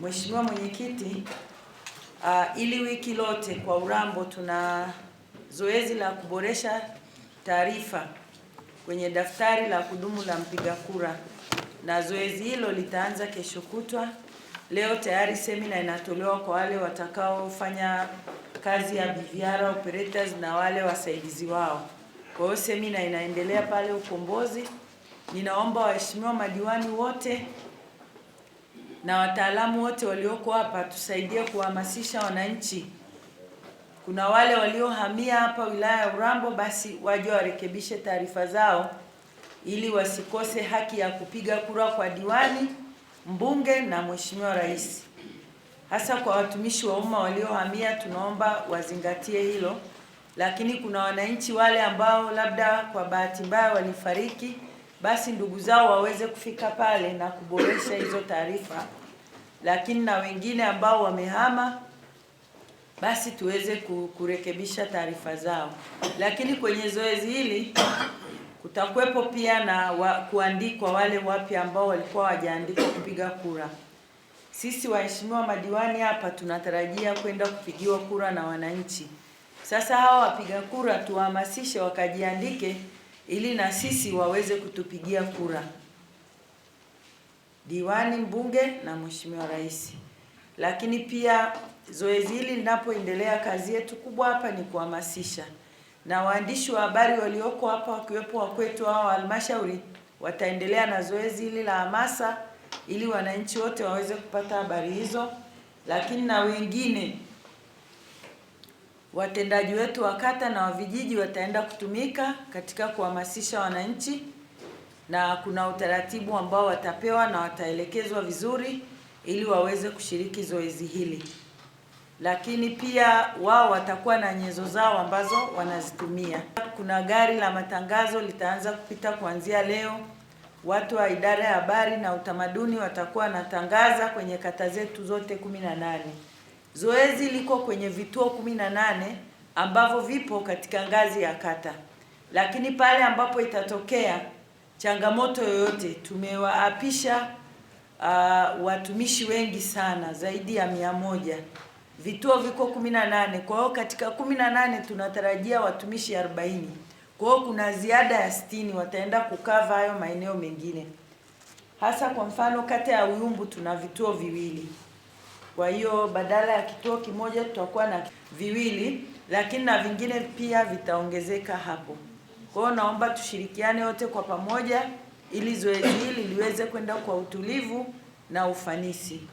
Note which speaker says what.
Speaker 1: Mheshimiwa Mwenyekiti, uh, ili wiki lote kwa Urambo tuna zoezi la kuboresha taarifa kwenye daftari la kudumu la mpiga kura, na zoezi hilo litaanza kesho kutwa. Leo tayari semina inatolewa kwa wale watakaofanya kazi ya BVR operators na wale wasaidizi wao. Kwa hiyo semina inaendelea pale Ukombozi. Ninaomba waheshimiwa madiwani wote na wataalamu wote walioko hapa tusaidie kuhamasisha wananchi. Kuna wale waliohamia hapa wilaya ya Urambo, basi waje warekebishe taarifa zao ili wasikose haki ya kupiga kura kwa diwani, mbunge na mheshimiwa rais. Hasa kwa watumishi wa umma waliohamia, tunaomba wazingatie hilo, lakini kuna wananchi wale ambao labda kwa bahati mbaya walifariki basi ndugu zao waweze kufika pale na kuboresha hizo taarifa, lakini na wengine ambao wamehama basi tuweze kurekebisha taarifa zao. Lakini kwenye zoezi hili kutakuwepo pia na wa, kuandikwa wale wapya ambao walikuwa wajaandikwa kupiga kura. Sisi waheshimiwa madiwani hapa tunatarajia kwenda kupigiwa kura na wananchi. Sasa hawa wapiga kura tuwahamasishe wakajiandike ili na sisi waweze kutupigia kura diwani, mbunge na mheshimiwa rais. Lakini pia zoezi hili linapoendelea, kazi yetu kubwa hapa ni kuhamasisha, na waandishi wa habari walioko hapa wakiwepo wakwetu hao halmashauri wataendelea na zoezi hili la hamasa ili wananchi wote waweze kupata habari hizo, lakini na wengine Watendaji wetu wa kata na wa vijiji wataenda kutumika katika kuhamasisha wananchi, na kuna utaratibu ambao watapewa na wataelekezwa vizuri ili waweze kushiriki zoezi hili, lakini pia wao watakuwa na nyenzo zao ambazo wanazitumia. Kuna gari la matangazo litaanza kupita kuanzia leo. Watu wa idara ya habari na utamaduni watakuwa wanatangaza kwenye kata zetu zote kumi na nane. Zoezi liko kwenye vituo kumi na nane ambavyo vipo katika ngazi ya kata, lakini pale ambapo itatokea changamoto yoyote, tumewaapisha uh, watumishi wengi sana zaidi ya mia moja. Vituo viko kumi na nane, kwa hiyo katika kumi na nane tunatarajia watumishi arobaini. Kwa hiyo kuna ziada ya sitini wataenda kukava hayo maeneo mengine, hasa kwa mfano kata ya Uyumbu tuna vituo viwili kwa hiyo badala ya kituo kimoja tutakuwa na viwili, lakini na vingine pia vitaongezeka hapo. Kwa hiyo naomba tushirikiane wote kwa pamoja ili zoezi hili liweze kwenda kwa utulivu na ufanisi.